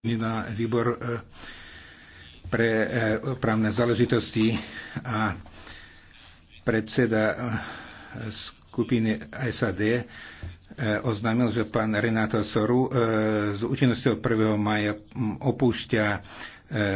na výbor e, pre e, právne záležitosti a predseda e, skupiny SAD oznámil, že pán Renato Soru s účinnosťou 1. maja opúšťa